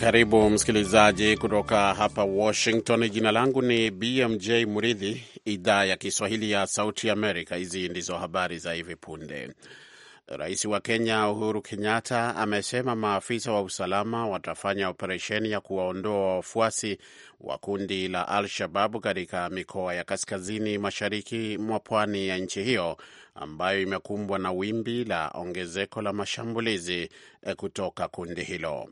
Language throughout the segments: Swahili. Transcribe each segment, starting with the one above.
Karibu msikilizaji kutoka hapa Washington. Jina langu ni BMJ mridhi idhaa ya Kiswahili ya Sauti Amerika. Hizi ndizo habari za hivi punde. Rais wa Kenya Uhuru Kenyatta amesema maafisa wa usalama watafanya operesheni ya kuwaondoa wafuasi wa kundi la Al-Shababu katika mikoa ya kaskazini mashariki mwa pwani ya nchi hiyo ambayo imekumbwa na wimbi la ongezeko la mashambulizi eh, kutoka kundi hilo.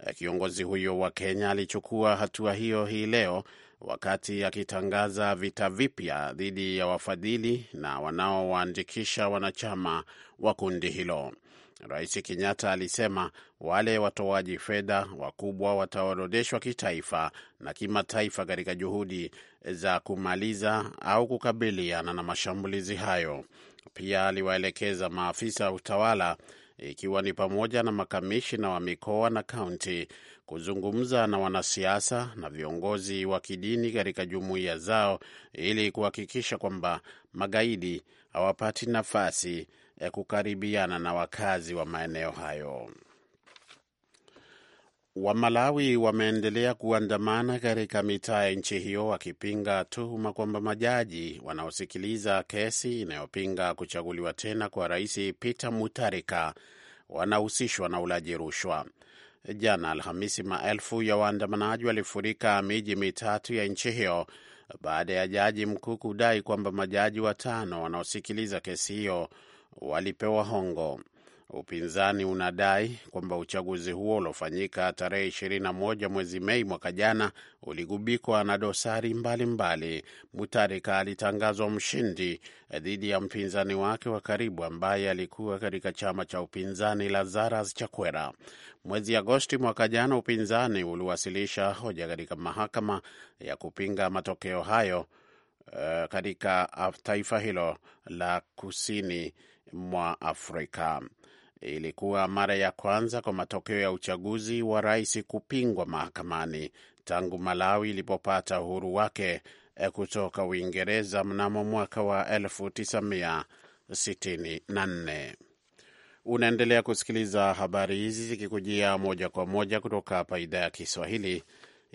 Eh, kiongozi huyo wa Kenya alichukua hatua hiyo hii leo wakati akitangaza vita vipya dhidi ya wafadhili na wanaowaandikisha wanachama wa kundi hilo. Rais Kenyatta alisema wale watoaji fedha wakubwa wataorodheshwa kitaifa na kimataifa katika juhudi za kumaliza au kukabiliana na mashambulizi hayo. Pia aliwaelekeza maafisa utawala ikiwa ni pamoja na makamishina wa mikoa na kaunti kuzungumza na wanasiasa na viongozi wa kidini katika jumuiya zao ili kuhakikisha kwamba magaidi hawapati nafasi ya kukaribiana na wakazi wa maeneo hayo. Wamalawi wameendelea kuandamana katika mitaa ya nchi hiyo wakipinga tuhuma kwamba majaji wanaosikiliza kesi inayopinga kuchaguliwa tena kwa rais Peter Mutharika wanahusishwa na ulaji rushwa. Jana Alhamisi, maelfu ya waandamanaji walifurika miji mitatu ya nchi hiyo baada ya jaji mkuu kudai kwamba majaji watano wanaosikiliza kesi hiyo walipewa hongo. Upinzani unadai kwamba uchaguzi huo uliofanyika tarehe moja mwezi Mei mwaka jana uligubikwa na dosari mbalimbali. Mutarika alitangazwa mshindi dhidi ya mpinzani wake wa karibu ambaye alikuwa katika chama cha upinzani Lazarus Chakwera. Mwezi Agosti mwaka jana, upinzani uliwasilisha hoja katika mahakama ya kupinga matokeo hayo eh, katika taifa hilo la kusini mwa Afrika. Ilikuwa mara ya kwanza kwa matokeo ya uchaguzi wa rais kupingwa mahakamani tangu Malawi ilipopata uhuru wake eh, kutoka Uingereza mnamo mwaka wa 1964. Unaendelea kusikiliza habari hizi zikikujia moja kwa moja kutoka hapa idhaa ya Kiswahili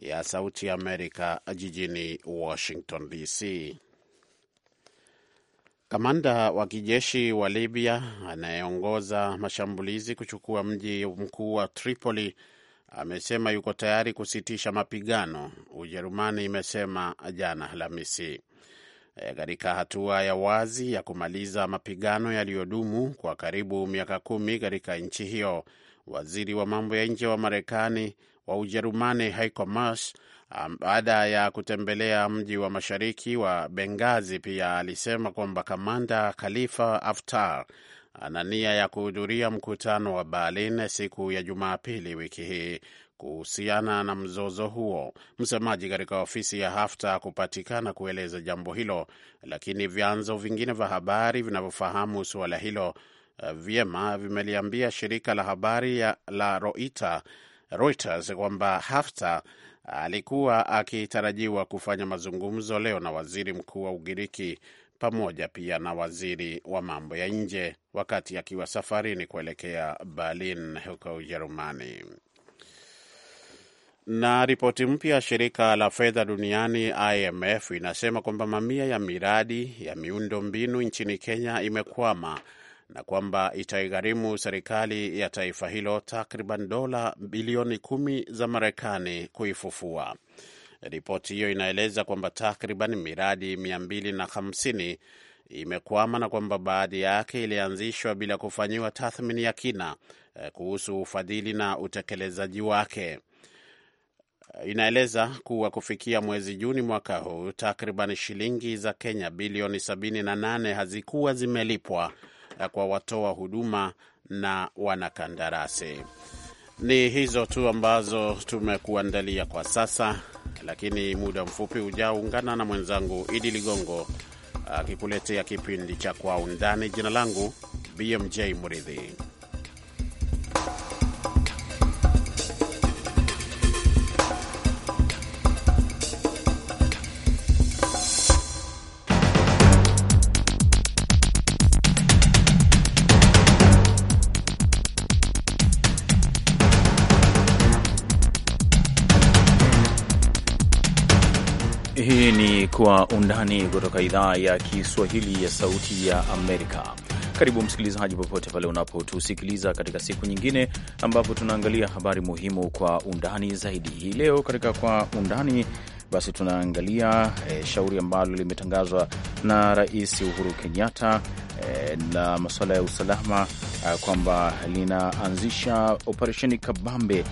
ya Sauti ya Amerika, jijini Washington DC. Kamanda wa kijeshi wa Libya anayeongoza mashambulizi kuchukua mji mkuu wa Tripoli amesema yuko tayari kusitisha mapigano, Ujerumani imesema jana Alhamisi, e, katika hatua ya wazi ya kumaliza mapigano yaliyodumu kwa karibu miaka kumi katika nchi hiyo. Waziri wa mambo ya nje wa Marekani wa Ujerumani Heiko Maas baada ya kutembelea mji wa mashariki wa Bengazi. Pia alisema kwamba kamanda Khalifa Haftar ana nia ya kuhudhuria mkutano wa Berlin siku ya Jumapili wiki hii kuhusiana na mzozo huo. Msemaji katika ofisi ya Haftar kupatikana kueleza jambo hilo, lakini vyanzo vingine vya habari vinavyofahamu suala hilo eh, vyema vimeliambia shirika la habari la Reuters kwamba Haftar alikuwa akitarajiwa kufanya mazungumzo leo na waziri mkuu wa Ugiriki pamoja pia na waziri wa mambo ya nje wakati akiwa safarini kuelekea Berlin huko Ujerumani. Na ripoti mpya ya shirika la fedha duniani IMF inasema kwamba mamia ya miradi ya miundo mbinu nchini Kenya imekwama na kwamba itaigharimu serikali ya taifa hilo takriban dola bilioni kumi za Marekani kuifufua. Ripoti hiyo inaeleza kwamba takriban miradi 250 imekwama na kwamba baadhi yake ilianzishwa bila kufanyiwa tathmini ya kina eh, kuhusu ufadhili na utekelezaji wake. Inaeleza kuwa kufikia mwezi Juni mwaka huu takriban shilingi za Kenya bilioni 78 hazikuwa zimelipwa kwa watoa huduma na wanakandarasi. Ni hizo tu ambazo tumekuandalia kwa sasa, lakini muda mfupi ujao ungana na mwenzangu Idi Ligongo akikuletea kipindi cha Kwa Undani. Jina langu BMJ Mridhi. Undani kutoka idhaa ya Kiswahili ya Sauti ya Amerika. Karibu msikilizaji, popote pale unapotusikiliza katika siku nyingine ambapo tunaangalia habari muhimu kwa undani zaidi. Hii leo katika Kwa Undani basi tunaangalia e, shauri ambalo limetangazwa na Rais Uhuru Kenyatta e, na masuala ya usalama Ah, kwamba linaanzisha operesheni kabambe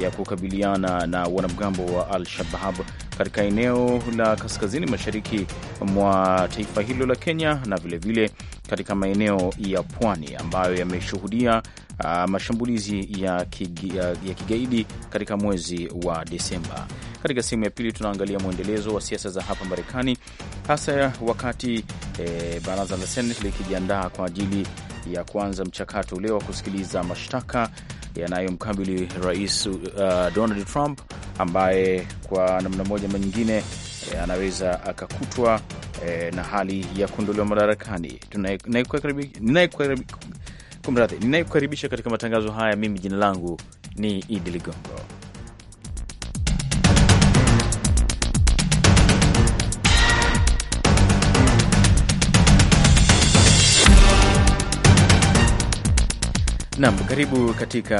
ya kukabiliana na wanamgambo wa Al-Shabab katika eneo la kaskazini mashariki mwa taifa hilo la Kenya na vilevile vile katika maeneo ya pwani ambayo yameshuhudia uh, mashambulizi ya, kigi, ya, ya kigaidi katika mwezi wa Desemba. Katika sehemu ya pili tunaangalia mwendelezo wa siasa za hapa Marekani, hasa wakati eh, baraza la Senate likijiandaa kwa ajili ya kuanza mchakato ule wa kusikiliza mashtaka yanayomkabili rais uh, Donald Trump ambaye kwa namna moja ama nyingine eh, anaweza akakutwa eh, na hali ya kuondolewa madarakani. Ninayekukaribisha katika matangazo haya, mimi jina langu ni Idi Ligongo Nam, karibu katika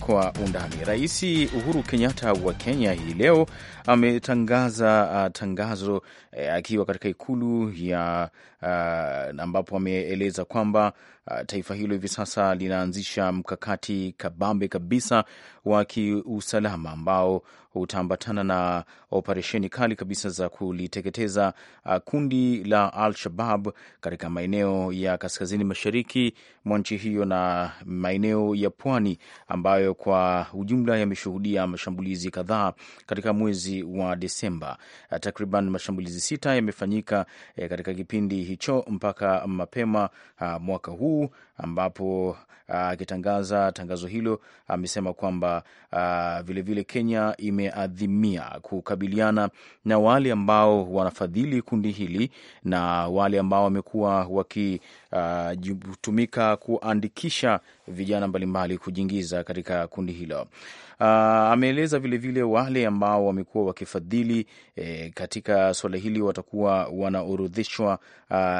uh, kwa undani. Rais Uhuru Kenyatta wa Kenya hii leo ametangaza uh, tangazo E, akiwa katika ikulu ya uh, ambapo ameeleza kwamba uh, taifa hilo hivi sasa linaanzisha mkakati kabambe kabisa wa kiusalama ambao utaambatana na operesheni kali kabisa za kuliteketeza uh, kundi la Al-Shabab katika maeneo ya kaskazini mashariki mwa nchi hiyo na maeneo ya pwani ambayo kwa ujumla yameshuhudia mashambulizi kadhaa katika mwezi wa Desemba. Uh, takriban mashambulizi sita yamefanyika eh, katika kipindi hicho mpaka mapema ah, mwaka huu ambapo ah, akitangaza tangazo hilo amesema kwamba vilevile ah, Kenya imeadhimia kukabiliana na wale ambao wanafadhili kundi hili na wale ambao wamekuwa wakitumika ah, kuandikisha vijana mbalimbali kujiingiza katika kundi hilo. Ameeleza vilevile wale ambao wamekuwa wakifadhili eh, katika suala hili watakuwa wanaorodheshwa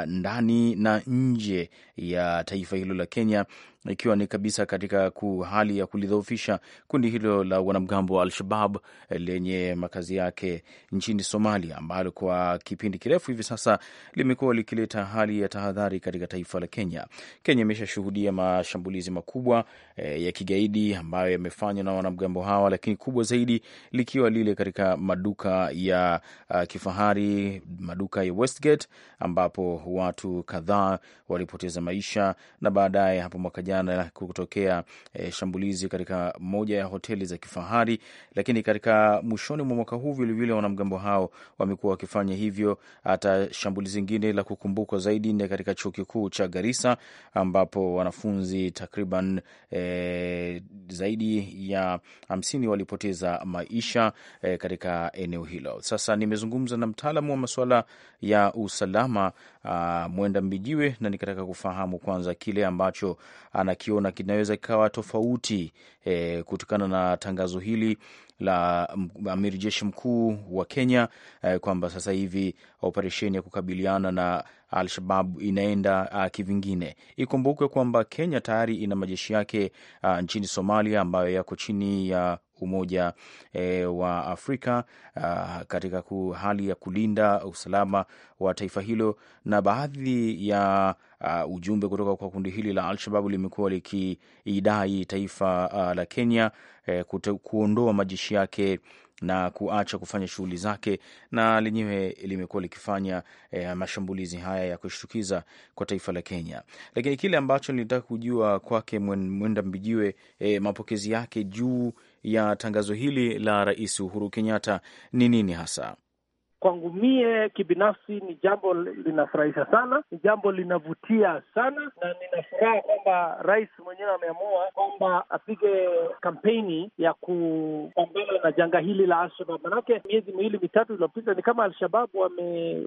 ndani na nje ya taifa hilo la Kenya ikiwa ni kabisa katika hali ya kulidhoofisha kundi hilo la wanamgambo wa Al-Shabab eh, lenye makazi yake nchini Somalia, ambalo kwa kipindi kirefu hivi sasa limekuwa likileta hali ya tahadhari katika taifa la Kenya. Kenya imeshashuhudia mashambulizi makubwa e, ya kigaidi ambayo yamefanywa na wanamgambo hawa, lakini kubwa zaidi likiwa lile katika maduka ya uh, kifahari, maduka ya Westgate ambapo watu kadhaa walipoteza maisha na baadaye hapo mwaka jana jana kutokea e, shambulizi katika moja ya hoteli za kifahari, lakini katika mwishoni mwa mwaka huu vilevile wanamgambo hao wamekuwa wakifanya hivyo. Hata shambulizi zingine la kukumbukwa zaidi ni katika chuo kikuu cha Garissa ambapo wanafunzi takriban e, zaidi ya hamsini walipoteza maisha e, katika eneo hilo. Sasa nimezungumza na mtaalamu wa masuala ya usalama uh, Mwenda Mbijiwe, na nikataka kufahamu kwanza kile ambacho anakiona kinaweza kikawa tofauti eh, kutokana na tangazo hili la amiri jeshi mkuu wa Kenya eh, kwamba sasa hivi operesheni ya kukabiliana na Al-Shabab inaenda uh, kivingine. Ikumbukwe kwamba Kenya tayari ina majeshi yake uh, nchini Somalia ambayo yako chini ya Umoja e, wa Afrika a, katika hali ya kulinda usalama wa taifa hilo, na baadhi ya a, ujumbe kutoka kwa kundi hili la Alshabab limekuwa likiidai taifa a, la Kenya e, kute, kuondoa majeshi yake na kuacha kufanya shughuli zake, na lenyewe limekuwa likifanya e, mashambulizi haya ya kushtukiza kwa taifa la Kenya. Lakini kile ambacho nilitaka kujua kwake Mwenda Mbijiwe, e, mapokezi yake juu ya tangazo hili la Rais Uhuru Kenyatta ni nini hasa? kwangu mie kibinafsi ni jambo linafurahisha sana, ni jambo linavutia sana, na ninafuraha kwamba rais mwenyewe ameamua kwamba apige kampeni ya kupambana na janga hili la Alshabab. Manake miezi miwili mitatu iliyopita ni kama alshababu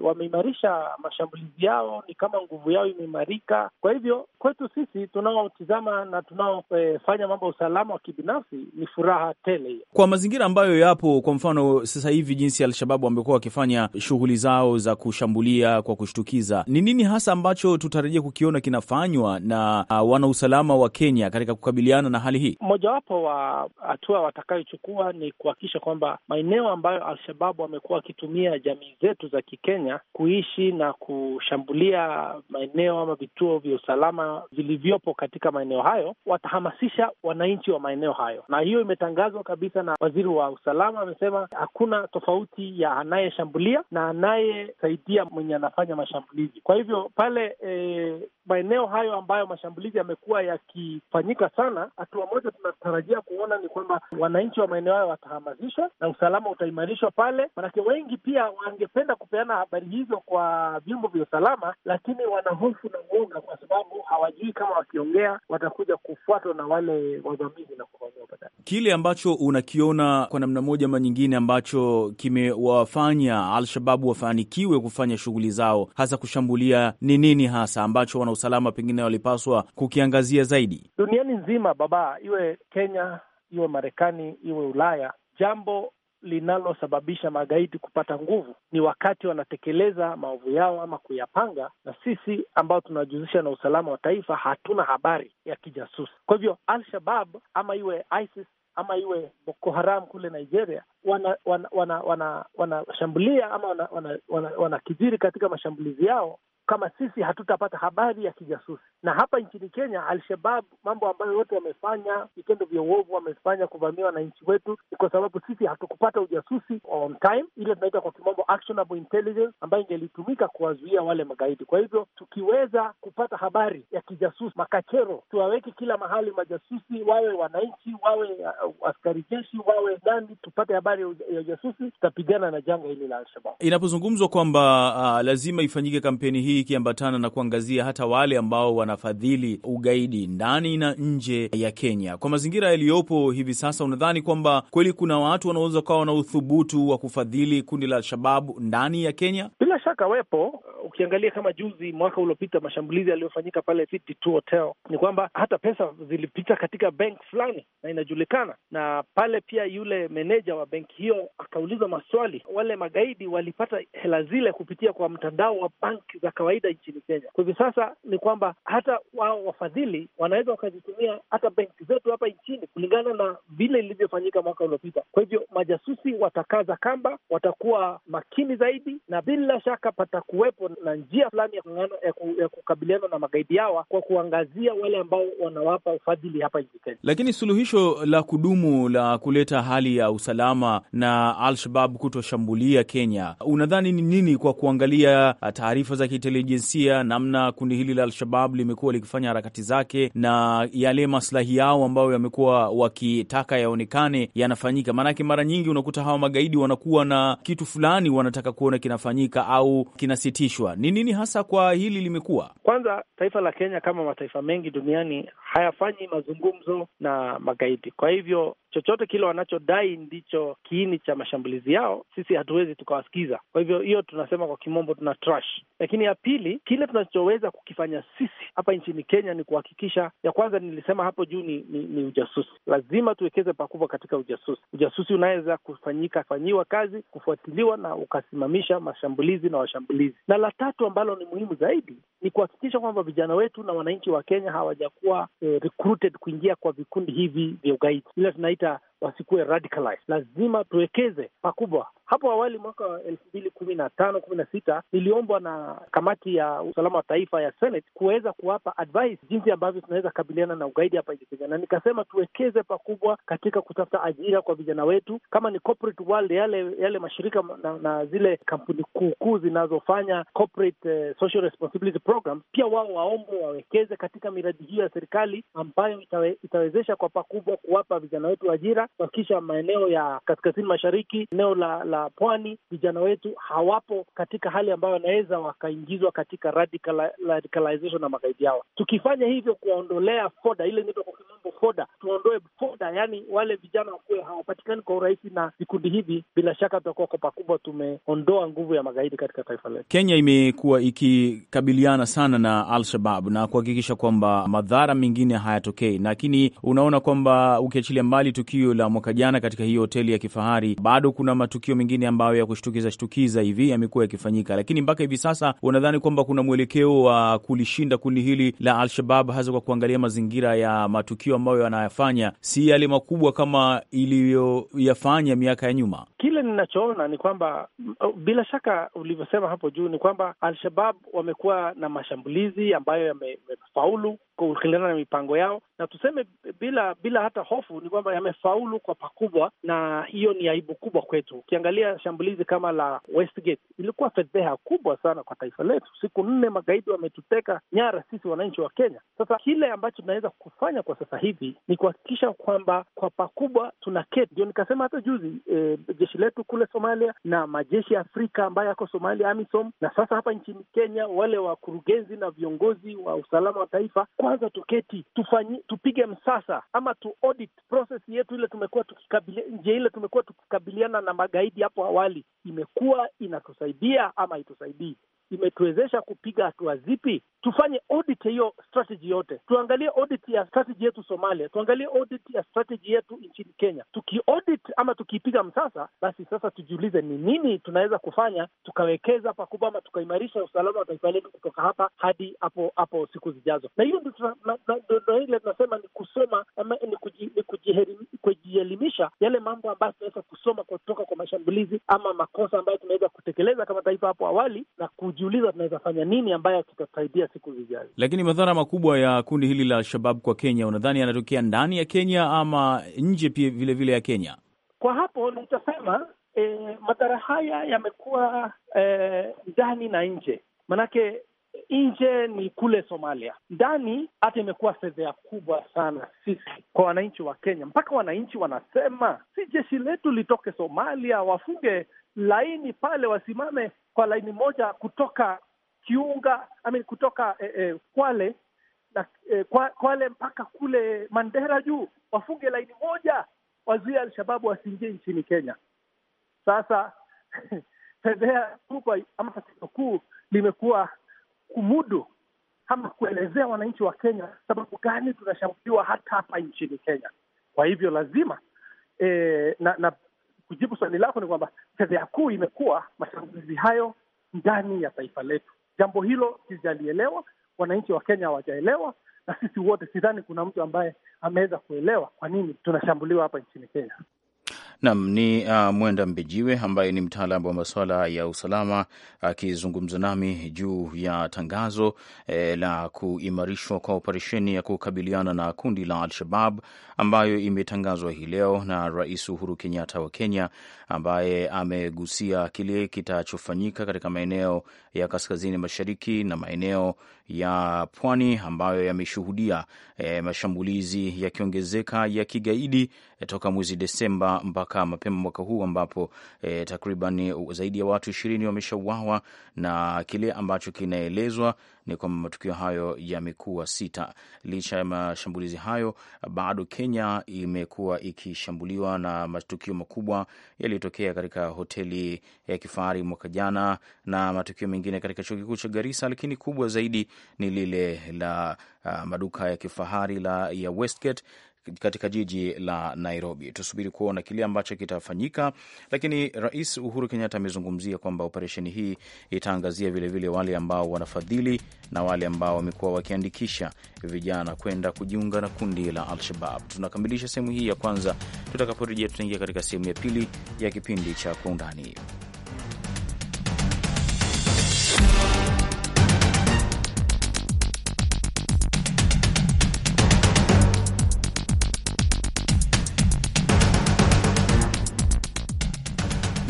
wameimarisha wame mashambulizi yao, ni kama nguvu yao imeimarika. Kwa hivyo kwetu sisi tunaotizama na tunaofanya mambo ya usalama wa kibinafsi ni furaha tele, kwa mazingira ambayo yapo. Kwa mfano sasa hivi jinsi Alshababu wamekuwa wakifanya kufanya shughuli zao za kushambulia kwa kushtukiza. Ni nini hasa ambacho tutarajia kukiona kinafanywa na uh, wanausalama wa Kenya katika kukabiliana na hali hii? Mojawapo wa hatua watakayochukua ni kuhakikisha kwamba maeneo ambayo Alshababu wamekuwa wakitumia jamii zetu za Kikenya kuishi na kushambulia maeneo ama vituo vya usalama vilivyopo katika maeneo hayo, watahamasisha wananchi wa maeneo hayo, na hiyo imetangazwa kabisa na waziri wa usalama. Amesema hakuna tofauti ya anayesha anayeshambulia na anayesaidia mwenye anafanya mashambulizi. Kwa hivyo pale e, maeneo hayo ambayo mashambulizi yamekuwa yakifanyika sana, hatua moja tunatarajia kuona ni kwamba wananchi wa maeneo hayo watahamasishwa na usalama utaimarishwa pale, manake wengi pia wangependa kupeana habari hizo kwa vyombo vya usalama, lakini wanahofu na uoga, kwa sababu hawajui kama wakiongea watakuja kufuatwa na wale wavamizi na kuvamia baadaye. Kile ambacho unakiona kwa namna moja ama nyingine ambacho kimewafanya Al-Shababu wafanikiwe kufanya shughuli zao, hasa kushambulia, ni nini hasa ambacho wanausalama pengine walipaswa kukiangazia zaidi? Duniani nzima baba, iwe Kenya, iwe Marekani, iwe Ulaya, jambo linalosababisha magaidi kupata nguvu ni wakati wanatekeleza maovu yao ama kuyapanga, na sisi ambao tunajihusisha na usalama wa taifa hatuna habari ya kijasusi. Kwa hivyo Al-Shabab ama iwe ISIS ama iwe Boko Haram kule Nigeria, wanashambulia wana, wana, wana, wana ama wana, wana, wana katika mashambulizi yao kama sisi hatutapata habari ya kijasusi. Na hapa nchini Kenya, Alshabab mambo ambayo yote wamefanya, vitendo vya uovu wamefanya, kuvamia wananchi wetu, ni kwa sababu sisi hatukupata ujasusi on time, ile tunaita kwa kimombo actionable intelligence, ambayo ingelitumika kuwazuia wale magaidi. Kwa hivyo tukiweza kupata habari ya kijasusi, makachero tuwaweke kila mahali, majasusi wawe wananchi, wawe uh, askari jeshi, wawe nani, tupate habari ya ujasusi, tutapigana na janga hili la Alshabab. Inapozungumzwa kwamba uh, lazima ifanyike kampeni hii ikiambatana na kuangazia hata wale ambao wanafadhili ugaidi ndani na nje ya Kenya. Kwa mazingira yaliyopo hivi sasa, unadhani kwamba kweli kuna watu wanaweza kuwa na uthubutu wa kufadhili kundi la Alshababu ndani ya Kenya? Bila shaka wepo. Uh, ukiangalia kama juzi mwaka uliopita mashambulizi yaliyofanyika pale City Two Hotel, ni kwamba hata pesa zilipita katika bank fulani na inajulikana, na pale pia yule meneja wa benki hiyo akauliza maswali, wale magaidi walipata hela zile kupitia kwa mtandao wa bank za kawaida kawaida nchini Kenya. Kwa hivi sasa ni kwamba hata wao wafadhili wanaweza wakazitumia hata benki zetu hapa nchini kulingana na vile ilivyofanyika mwaka uliopita. Kwa hivyo majasusi watakaza kamba, watakuwa makini zaidi, na bila shaka patakuwepo na njia fulani ya, ya, ku, ya kukabiliana na magaidi hawa kwa kuangazia wale ambao wanawapa ufadhili hapa nchini Kenya. Lakini suluhisho la kudumu la kuleta hali ya usalama na alshabab kutoshambulia Kenya, unadhani ni nini kwa kuangalia taarifa za kite intelijensia, namna kundi hili la Al-Shabab limekuwa likifanya harakati zake na yale maslahi yao ambayo yamekuwa wakitaka yaonekane yanafanyika. Maanake mara nyingi unakuta hawa magaidi wanakuwa na kitu fulani wanataka kuona kinafanyika au kinasitishwa. Ni nini hasa kwa hili limekuwa? Kwanza, taifa la Kenya kama mataifa mengi duniani hayafanyi mazungumzo na magaidi, kwa hivyo chochote kile wanachodai ndicho kiini cha mashambulizi yao, sisi hatuwezi tukawasikiza. Kwa hivyo hiyo tunasema kwa kimombo tuna trash. Lakini ya pili, kile tunachoweza kukifanya sisi hapa nchini Kenya ni kuhakikisha, ya kwanza nilisema hapo juu ni, ni, ni ujasusi. Lazima tuwekeze pakubwa katika ujasusi. Ujasusi unaweza kufanyika fanyiwa kazi, kufuatiliwa na ukasimamisha mashambulizi na washambulizi. Na la tatu ambalo ni muhimu zaidi ni kuhakikisha kwamba vijana wetu na wananchi wa Kenya hawajakuwa eh, recruited kuingia kwa vikundi hivi vya ugaidi, ile tunaita wasikuwe radicalized. Lazima tuwekeze pakubwa. Hapo awali mwaka wa elfu mbili kumi na tano kumi na sita iliombwa na kamati ya usalama wa taifa ya Senate kuweza kuwapa advice jinsi ambavyo tunaweza kabiliana na ugaidi hapa nchini Kenya, na nikasema tuwekeze pakubwa katika kutafuta ajira kwa vijana wetu, kama ni corporate world, yale yale mashirika na, na zile kampuni kuukuu zinazofanya corporate eh, social responsibility programs, pia wao waombwe wawekeze katika miradi hiyo ya serikali ambayo itawe, itawezesha kwa pakubwa kuwapa vijana wetu ajira kuhakikisha maeneo ya kaskazini mashariki, eneo la la pwani, vijana wetu hawapo katika hali ambayo wanaweza wakaingizwa katika radicali, radicalization na magaidi hawa. Tukifanya hivyo, kuwaondolea foda ile inaitwa kwa kimombo foda, tuondoe foda, yani wale vijana wakuwe hawapatikani kwa urahisi na vikundi hivi, bila shaka tutakuwa kwa pakubwa tumeondoa nguvu ya magaidi katika taifa letu. Kenya imekuwa ikikabiliana sana na Al-Shabab na kuhakikisha kwamba madhara mengine hayatokei, lakini unaona kwamba ukiachilia mbali tukio la mwaka jana katika hii hoteli ya kifahari. Bado kuna matukio mengine ambayo ya kushtukiza shtukiza hivi yamekuwa yakifanyika, lakini mpaka hivi sasa unadhani kwamba kuna mwelekeo wa kulishinda kundi hili la Al-Shabab, hasa kwa kuangalia mazingira ya matukio ambayo yanayafanya si yale makubwa kama iliyoyafanya miaka ya nyuma? Kile ninachoona ni kwamba bila shaka ulivyosema hapo juu ni kwamba Al-Shabab wamekuwa na mashambulizi ambayo yamefaulu kulingana na mipango yao, na tuseme bila bila hata hofu ni kwamba yamefaulu imetuthulu kwa pakubwa, na hiyo ni aibu kubwa kwetu. Ukiangalia shambulizi kama la Westgate ilikuwa fedheha kubwa sana kwa taifa letu. Siku nne magaidi wametuteka nyara sisi wananchi wa Kenya. Sasa kile ambacho tunaweza kufanya kwa sasa hivi ni kuhakikisha kwamba kwa pakubwa tuna keti, ndio nikasema hata juzi e, jeshi letu kule Somalia na majeshi ya Afrika ambayo yako Somalia, AMISOM, na sasa hapa nchini Kenya wale wakurugenzi na viongozi wa usalama wa taifa, kwanza tuketi tupige msasa ama tu audit process yetu ile tumekuwa tukikabilia njia ile tumekuwa tukikabiliana na magaidi hapo awali imekuwa inatusaidia ama haitusaidii? imetuwezesha kupiga hatua zipi? Tufanye audit hiyo strategy yote, tuangalie audit ya strategy yetu Somalia, tuangalie audit ya strategy yetu nchini Kenya. Tukiaudit ama tukiipiga msasa, basi sasa tujiulize ni nini tunaweza kufanya tukawekeza pakubwa ama tukaimarisha usalama wa taifa letu kutoka hapa hadi hapo hapo siku zijazo. Na hiyo ndo ile tunasema ni kusoma ama ni kujielimisha yale mambo ambayo tunaweza kusoma kutoka kwa mashambulizi ama makosa ambayo tunaweza kutekeleza kama taifa hapo awali na kuji tunajiuliza tunaweza fanya nini ambayo tutasaidia siku zijazo. Lakini madhara makubwa ya kundi hili la Shabab kwa Kenya, unadhani yanatokea ndani ya Kenya ama nje pia vile vile ya Kenya? Kwa hapo nitasema e, madhara haya yamekuwa e, ndani na nje, manake nje ni kule Somalia, ndani hata imekuwa fedheha kubwa sana sisi kwa wananchi wa Kenya, mpaka wananchi wanasema si jeshi letu litoke Somalia, wafunge laini pale, wasimame kwa laini moja kutoka Kiunga I mean, kutoka eh, eh, Kwale na eh, kwa, Kwale mpaka kule Mandera juu, wafunge laini moja, wazuia Alshababu wasiingie nchini Kenya. Sasa fedheha kubwa ama tatizo kuu limekuwa kumudu ama kuelezea wananchi wa Kenya sababu gani tunashambuliwa hata hapa nchini Kenya. Kwa hivyo lazima e, na, na kujibu swali lako ni kwamba fedheha kuu imekuwa mashambulizi hayo ndani ya taifa letu. Jambo hilo sijalielewa, wananchi wa Kenya hawajaelewa, na sisi wote sidhani kuna mtu ambaye ameweza kuelewa kwa nini tunashambuliwa hapa nchini Kenya. Nam ni uh, Mwenda Mbejiwe ambaye ni mtaalamu wa masuala ya usalama akizungumza nami juu ya tangazo eh, la kuimarishwa kwa operesheni ya kukabiliana na kundi la Al-Shabab ambayo imetangazwa hii leo na Rais Uhuru Kenyatta wa Kenya, ambaye amegusia kile kitachofanyika katika maeneo ya kaskazini mashariki na maeneo ya pwani ambayo yameshuhudia eh, mashambulizi yakiongezeka ya kigaidi Eh, toka mwezi Desemba mpaka mapema mwaka huu ambapo e, takriban zaidi ya watu ishirini wameshauawa na kile ambacho kinaelezwa ni kwamba matukio hayo yamekuwa sita. Licha ya mashambulizi hayo, bado Kenya imekuwa ikishambuliwa na matukio makubwa yaliyotokea katika hoteli ya kifahari mwaka jana na matukio mengine katika chuo kikuu cha Garissa, lakini kubwa zaidi ni lile la uh, maduka ya kifahari la ya Westgate katika jiji la Nairobi. Tusubiri kuona kile ambacho kitafanyika, lakini Rais Uhuru Kenyatta amezungumzia kwamba operesheni hii itaangazia vilevile vile wale ambao wanafadhili na wale ambao wamekuwa wakiandikisha vijana kwenda kujiunga na kundi la Al-Shabab. Tunakamilisha sehemu hii ya kwanza. Tutakaporejea tutaingia katika sehemu ya pili ya kipindi cha Kwa Undani.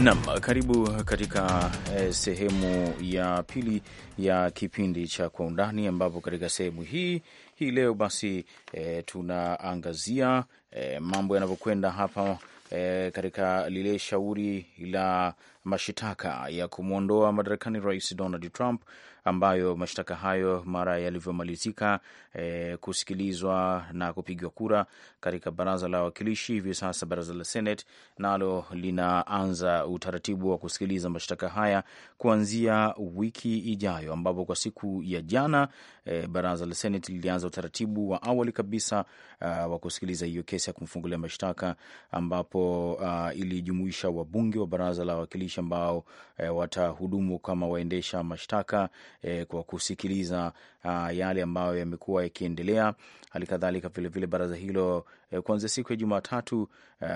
Nam, karibu katika eh, sehemu ya pili ya kipindi cha Kwa Undani, ambapo katika sehemu hii hii leo basi eh, tunaangazia eh, mambo yanavyokwenda hapa eh, katika lile shauri la mashitaka ya kumwondoa madarakani Rais Donald Trump, ambayo mashtaka hayo mara yalivyomalizika e, kusikilizwa na kupigwa kura katika baraza la wawakilishi, hivi sasa baraza la Senate nalo linaanza utaratibu wa kusikiliza mashtaka haya kuanzia wiki ijayo, ambapo kwa siku ya jana e, baraza la Senate lilianza utaratibu wa awali kabisa uh, wa kusikiliza hiyo kesi ya kumfungulia mashtaka, ambapo uh, ilijumuisha wabunge wa baraza la wawakilishi wawakilishi ambao e, watahudumu kama waendesha mashtaka e, kwa kusikiliza a, ah, yale ambayo yamekuwa yakiendelea. Hali kadhalika vilevile baraza hilo e, kuanzia siku ya Jumatatu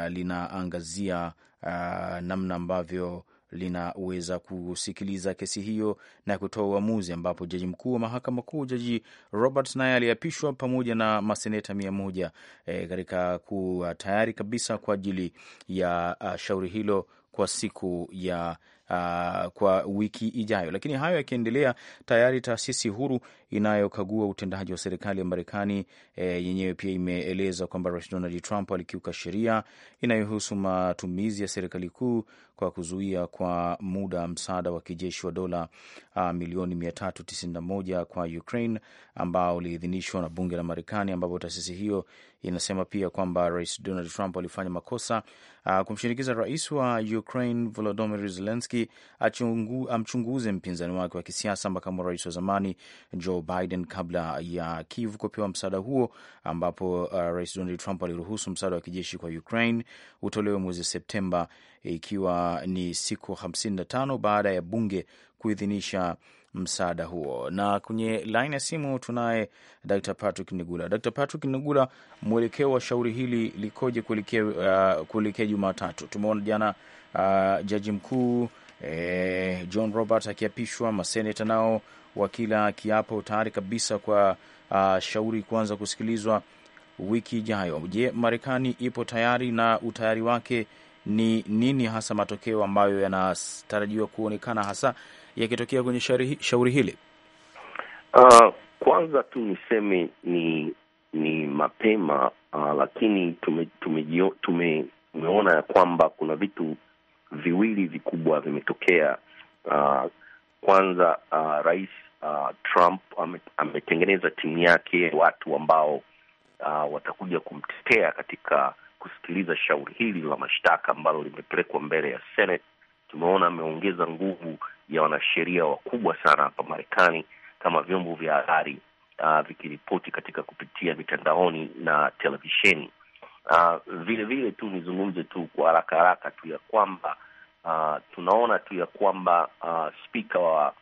linaangazia ah, namna ambavyo linaweza kusikiliza kesi hiyo na kutoa uamuzi, ambapo jaji mkuu wa mahakama kuu Jaji Roberts naye aliapishwa pamoja na maseneta mia moja e, katika kuwa tayari kabisa kwa ajili ya uh, shauri hilo kwa siku ya uh, kwa wiki ijayo. Lakini hayo yakiendelea, tayari taasisi huru inayokagua utendaji wa serikali ya Marekani e, yenyewe pia imeeleza kwamba Rais Donald Trump alikiuka sheria inayohusu matumizi ya serikali kuu kwa kuzuia kwa muda msaada wa kijeshi wa dola uh, milioni 391 kwa Ukraine ambao uliidhinishwa na bunge la Marekani, ambapo taasisi hiyo inasema pia kwamba Rais Donald Trump alifanya makosa uh, kumshinikiza rais wa Ukraine Volodymyr Zelensky Zelenski achungu, amchunguze mpinzani wake wa kisiasa makamu wa rais wa zamani Joe Biden kabla ya Kiev kupewa msaada huo, ambapo uh, rais Donald Trump aliruhusu msaada wa kijeshi kwa Ukraine utolewe mwezi Septemba, ikiwa ni siku 55 baada ya bunge kuidhinisha msaada huo. Na kwenye laini ya simu tunaye Dr. Patrick Nigula. Dr. Patrick Nigula, mwelekeo wa shauri hili likoje kuelekea uh, Jumatatu? Tumeona jana uh, jaji mkuu e, John Robert akiapishwa, maseneta nao wakila kiapo tayari kabisa kwa a, ah, shauri kuanza kusikilizwa wiki ijayo. Je, Marekani ipo tayari na utayari wake ni nini hasa, matokeo ambayo yanatarajiwa kuonekana hasa yakitokea kwenye shauri hili? Uh, kwanza tu niseme ni ni mapema uh, lakini tumeona tume, tume, tume, ya kwamba kuna vitu viwili vikubwa vimetokea. Uh, kwanza uh, rais uh, Trump ametengeneza timu yake watu ambao uh, watakuja kumtetea katika kusikiliza shauri hili la mashtaka ambalo limepelekwa mbele ya Senate. Tumeona ameongeza nguvu ya wanasheria wakubwa sana hapa Marekani, kama vyombo vya habari uh, vikiripoti katika kupitia mitandaoni na televisheni. Uh, vile vile tu nizungumze tu kwa haraka haraka tu ya kwamba uh, tunaona tu ya kwamba uh, ah, spika wa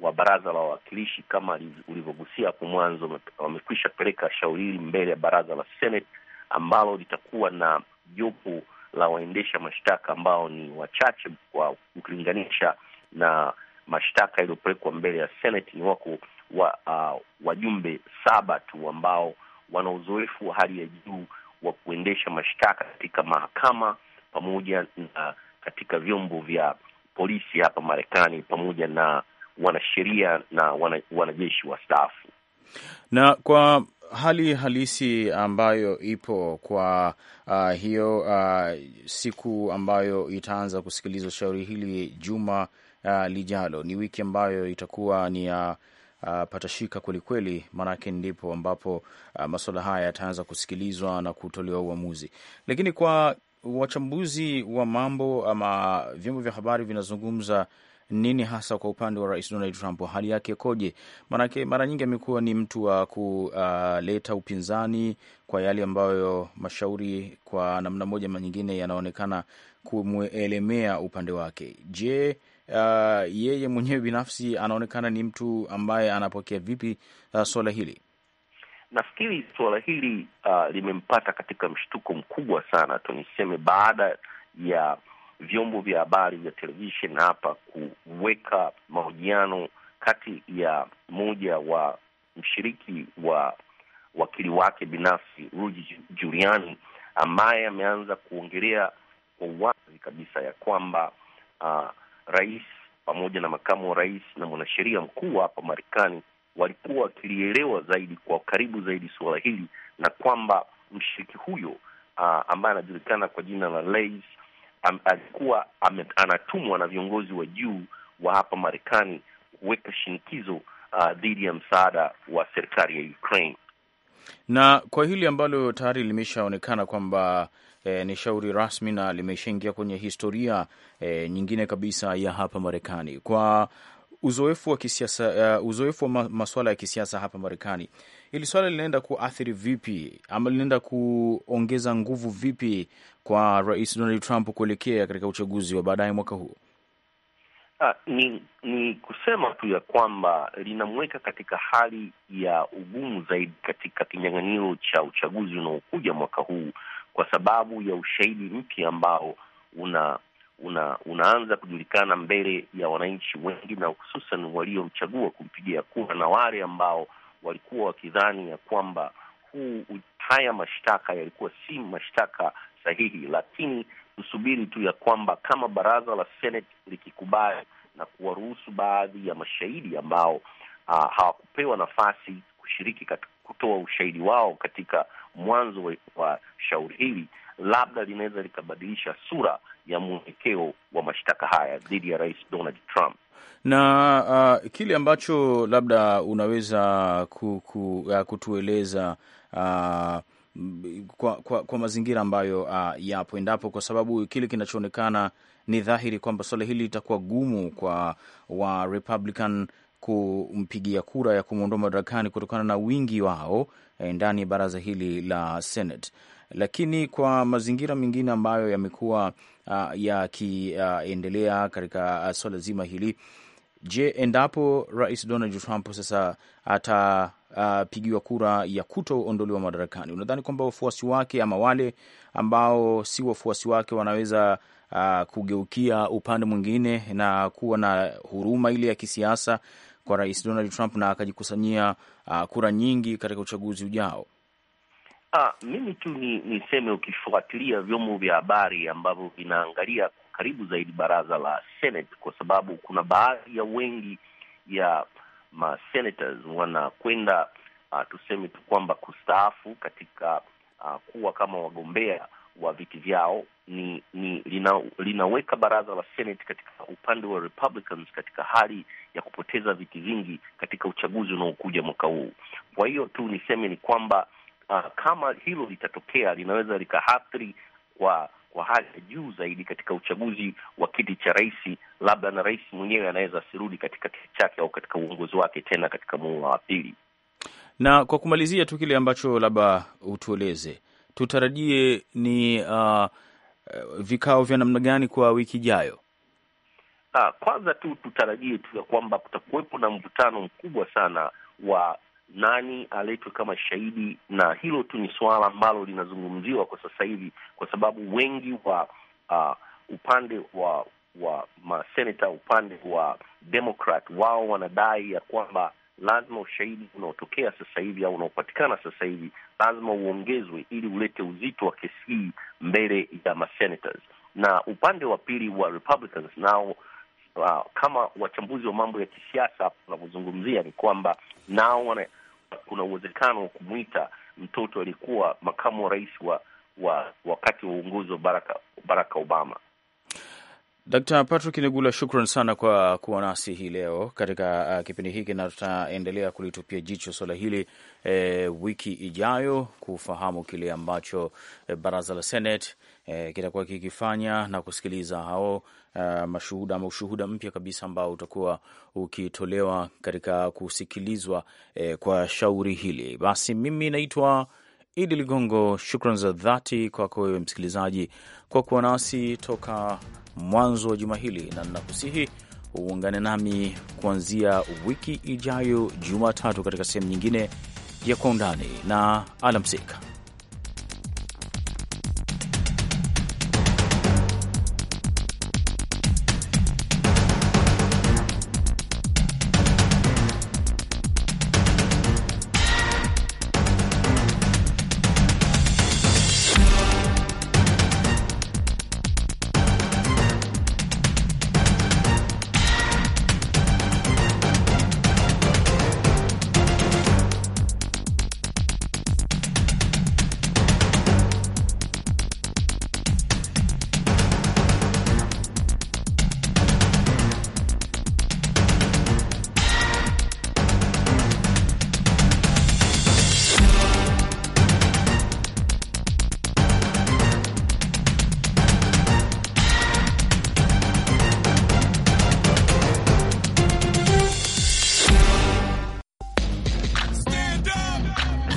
wa baraza la wawakilishi kama ulivyogusia hapo mwanzo, wamekwisha peleka shauri hili mbele ya baraza la Senate ambalo litakuwa na jopo la waendesha mashtaka ambao ni wachache kwa ukilinganisha na mashtaka yaliyopelekwa mbele ya Senate. Ni wako wa, uh, wajumbe saba tu ambao wana uzoefu wa hali ya juu wa kuendesha mashtaka katika mahakama pamoja na katika vyombo vya polisi hapa Marekani pamoja na wanasheria na wana, wanajeshi wastaafu. Na kwa hali halisi ambayo ipo kwa uh, hiyo uh, siku ambayo itaanza kusikilizwa shauri hili juma uh, lijalo, ni wiki ambayo itakuwa ni ya uh, Uh, patashika kwelikweli, maanake ndipo ambapo uh, masuala haya yataanza kusikilizwa na kutolewa uamuzi. Lakini kwa wachambuzi wa mambo ama vyombo vya habari vinazungumza nini hasa kwa upande wa Rais Donald Trump, hali yake koje? Maanake mara nyingi amekuwa ni mtu wa kuleta uh, upinzani kwa yale ambayo mashauri kwa namna moja ma nyingine yanaonekana kumwelemea upande wake. Je, uh, yeye mwenyewe binafsi anaonekana ni mtu ambaye anapokea vipi uh, suala hili? Nafikiri suala hili uh, limempata katika mshtuko mkubwa sana tu, niseme baada ya vyombo vya habari vya televishen hapa kuweka mahojiano kati ya mmoja wa mshiriki wa wakili wake binafsi Rudy Giuliani ambaye ameanza kuongelea kwa uwazi kabisa ya kwamba uh, rais pamoja na makamu wa rais na mwanasheria mkuu hapa Marekani walikuwa wakilielewa zaidi kwa karibu zaidi suala hili, na kwamba mshiriki huyo uh, ambaye anajulikana kwa jina la Lays am, alikuwa am, anatumwa na viongozi wa juu wa hapa Marekani kuweka shinikizo ah, dhidi ya msaada wa serikali ya Ukraine. Na kwa hili ambalo tayari limeshaonekana kwamba e, ni shauri rasmi na limeshaingia kwenye historia e, nyingine kabisa ya hapa Marekani kwa uzoefu wa kisiasa, uh, uzoefu wa masuala ya kisiasa hapa Marekani, hili swala linaenda kuathiri vipi ama linaenda kuongeza nguvu vipi kwa Rais Donald Trump kuelekea katika uchaguzi wa baadaye mwaka huu? Ah, ni ni kusema tu ya kwamba linamweka katika hali ya ugumu zaidi katika kinyang'anyiro cha uchaguzi unaokuja mwaka huu kwa sababu ya ushahidi mpya ambao una una, unaanza kujulikana mbele ya wananchi wengi na hususan waliomchagua kumpigia kura na wale ambao walikuwa wakidhani ya kwamba huu haya mashtaka yalikuwa si mashtaka sahihi, lakini tusubiri tu ya kwamba kama baraza la Senate likikubali na kuwaruhusu baadhi ya mashahidi ambao uh, hawakupewa nafasi kushiriki kutoa ushahidi wao katika mwanzo wa shauri hili labda linaweza likabadilisha sura ya mwelekeo wa mashtaka haya dhidi ya Rais Donald Trump na uh, kile ambacho labda unaweza kuku, uh, kutueleza uh, kwa, kwa, kwa mazingira ambayo uh, yapo endapo, kwa sababu kile kinachoonekana ni dhahiri kwamba suala hili litakuwa gumu kwa wa Republican kumpigia kura ya kumwondoa madarakani kutokana na wingi wao eh, ndani ya baraza hili la Senate lakini kwa mazingira mengine ambayo yamekuwa uh, yakiendelea uh, katika uh, swala zima hili. Je, endapo Rais Donald Trump sasa atapigiwa uh, kura ya kutoondolewa madarakani, unadhani kwamba wafuasi wake ama wale ambao si wafuasi wake wanaweza uh, kugeukia upande mwingine na kuwa na huruma ile ya kisiasa kwa Rais Donald Trump na akajikusanyia uh, kura nyingi katika uchaguzi ujao? Ah, mimi tu ni niseme ukifuatilia vyombo vya habari ambavyo vinaangalia karibu zaidi baraza la Senate, kwa sababu kuna baadhi ya wengi ya masenators wanakwenda uh, tuseme tu kwamba kustaafu katika uh, kuwa kama wagombea wa viti vyao ni, ni lina, linaweka baraza la Senate katika upande wa Republicans katika hali ya kupoteza viti vingi katika uchaguzi unaokuja mwaka huu. Kwa hiyo tu niseme ni kwamba uh, kama hilo litatokea linaweza likaathiri kwa kwa hali ya juu zaidi katika uchaguzi wa kiti cha rais, labda na rais mwenyewe anaweza asirudi katika kiti chake au katika uongozi wake tena katika muula wa pili. Na kwa kumalizia tu kile ambacho labda utueleze, tutarajie ni uh, uh vikao vya namna gani kwa wiki ijayo? Uh, kwanza tu tutarajie tu ya kwamba kutakuwepo na mvutano mkubwa sana wa nani aletwe kama shahidi, na hilo tu ni suala ambalo linazungumziwa kwa sasa hivi, kwa sababu wengi wa uh, upande wa wa maseneta upande wa Democrat wao wanadai ya kwamba lazima ushahidi unaotokea sasa hivi au unaopatikana sasa hivi lazima uongezwe ili ulete uzito wa kesi hii mbele ya masenators. Na upande wa pili wa Republicans nao uh, kama wachambuzi wa mambo ya kisiasa wanavyozungumzia ni kwamba nao wana, kuna uwezekano wa kumwita mtoto aliyekuwa makamu wa rais wa, wa wakati wa uongozi wa Baraka, Baraka Obama. Dr. Patrick Negula, shukran sana kwa kuwa nasi hii leo katika uh, kipindi hiki, na tutaendelea kulitupia jicho suala hili eh, wiki ijayo kufahamu kile ambacho eh, baraza la Senate e, kitakuwa kikifanya na kusikiliza hao e, mashuhuda ama ushuhuda mpya kabisa ambao utakuwa ukitolewa katika kusikilizwa e, kwa shauri hili. Basi mimi naitwa Idi Ligongo, shukran za dhati kwako wewe msikilizaji kwa kuwa nasi toka mwanzo wa juma hili, na ninakusihi uungane nami kuanzia wiki ijayo Jumatatu katika sehemu nyingine ya Kwa Undani, na alamsika.